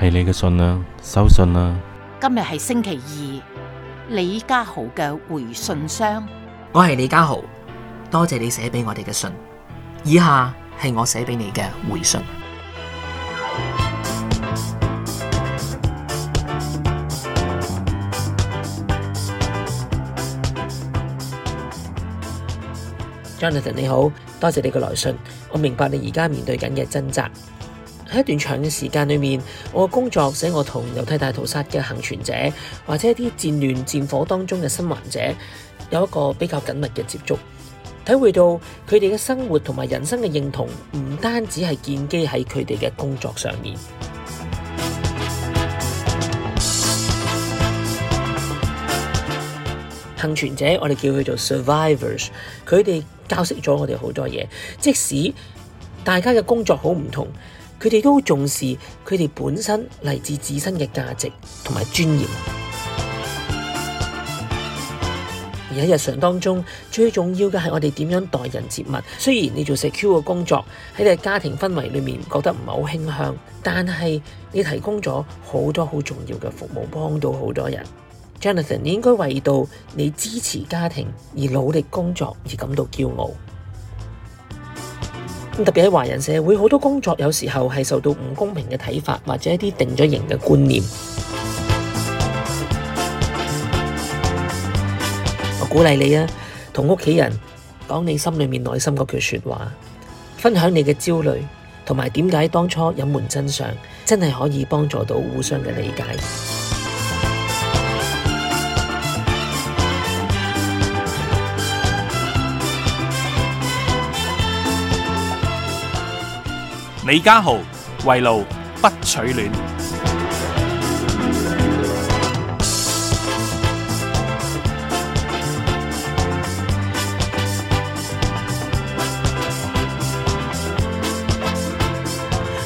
係你嘅信啦，收信啦。今日係星期二，李家豪嘅回信箱。我係李家豪，多謝你寫俾我哋嘅信。以下係我寫俾你嘅回信。Jonathan，你好，多謝你嘅來信。我明白你而家面對緊嘅掙扎。喺一段長嘅時間裏面，我嘅工作使我同猶太大屠殺嘅幸存者，或者一啲戰亂戰火當中嘅新患者，有一個比較緊密嘅接觸，體會到佢哋嘅生活同埋人生嘅認同，唔單止係建基喺佢哋嘅工作上面。幸存 者，我哋叫佢做 survivors，佢哋教識咗我哋好多嘢，即使大家嘅工作好唔同。佢哋都好重視佢哋本身嚟自自身嘅價值同埋尊嚴。而喺日常當中，最重要嘅係我哋點樣待人接物。雖然你做 security 嘅工作，喺你嘅家庭氛圍裏面覺得唔係好傾向，但係你提供咗好多好重要嘅服務，幫到好多人。Jonathan，你應該為到你支持家庭而努力工作而感到驕傲。特別喺華人社會，好多工作有時候係受到唔公平嘅睇法，或者一啲定咗型嘅觀念。我鼓勵你啊，同屋企人講你心裏面內心嗰句說話，分享你嘅焦慮，同埋點解當初隱瞞真相，真係可以幫助到互相嘅理解。李家豪圍爐不取暖，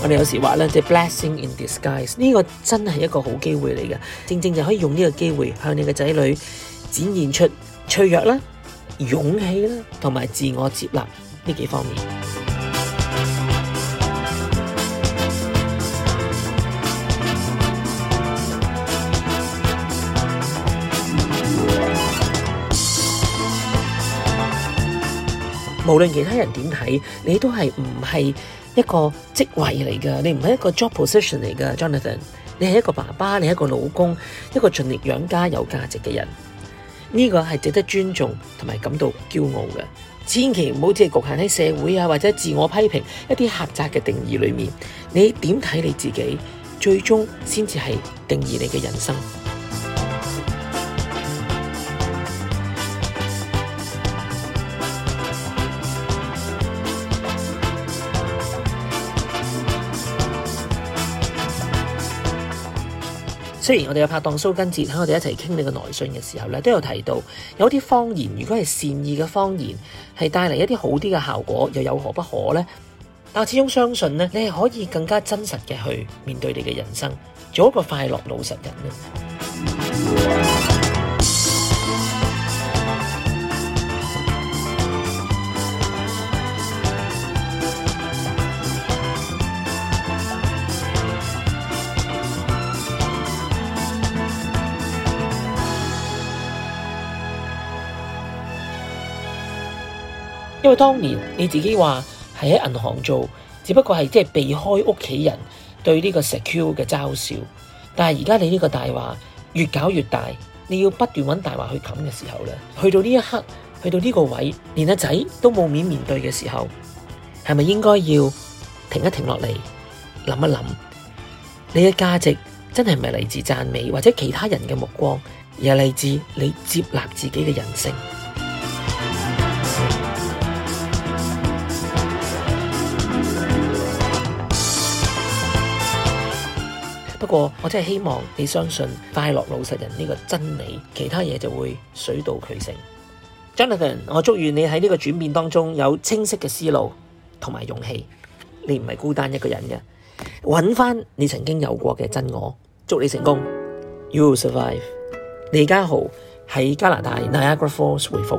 我哋有時話咧，即係 blessing in disguise，呢個真係一個好機會嚟㗎，正正就可以用呢個機會向你嘅仔女展現出脆弱啦、勇氣啦，同埋自我接納呢幾方面。無論其他人點睇，你都係唔係一個職位嚟㗎，你唔係一個 job position 嚟㗎，Jonathan，你係一個爸爸，你係一個老公，一個盡力養家有價值嘅人，呢個係值得尊重同埋感到驕傲嘅。千祈唔好只係局限喺社會啊，或者自我批評一啲狹窄嘅定義裏面，你點睇你自己，最終先至係定義你嘅人生。雖然我哋嘅拍檔蘇根哲喺我哋一齊傾你嘅來信嘅時候咧，都有提到有啲謊言，如果係善意嘅謊言，係帶嚟一啲好啲嘅效果，又有何不可呢？但我始終相信你係可以更加真實嘅去面對你嘅人生，做一個快樂、老實人啊！因為當年你自己話係喺銀行做，只不過係即係避開屋企人對呢個 secure 嘅嘲笑。但係而家你呢個大話越搞越大，你要不斷揾大話去冚嘅時候咧，去到呢一刻，去到呢個位，連阿仔都冇面面對嘅時候，係咪應該要停一停落嚟諗一諗？你嘅價值真係唔係嚟自讚美或者其他人嘅目光，而係嚟自你接納自己嘅人性。不過我真係希望你相信快樂老實人呢個真理，其他嘢就會水到渠成。Jonathan，我祝願你喺呢個轉變當中有清晰嘅思路同埋勇氣，你唔係孤單一個人嘅，揾翻你曾經有過嘅真我，祝你成功。You will survive。李家豪喺加拿大 Niagara Falls 回覆。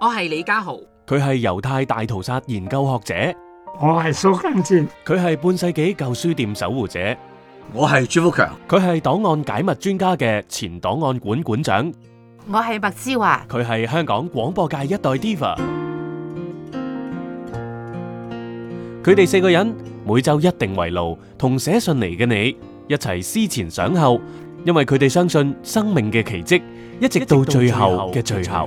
我係李家豪，佢係猶太大屠殺研究學者。我係蘇賡哲，佢係半世紀舊書店守護者。我係朱福強，佢係檔案解密專家嘅前檔案館館長。我係麥之華，佢係香港廣播界一代 diva。佢哋、嗯、四個人每周一定圍爐，同寫信嚟嘅你一齊思前想後，因為佢哋相信生命嘅奇蹟，一直到最後嘅最後。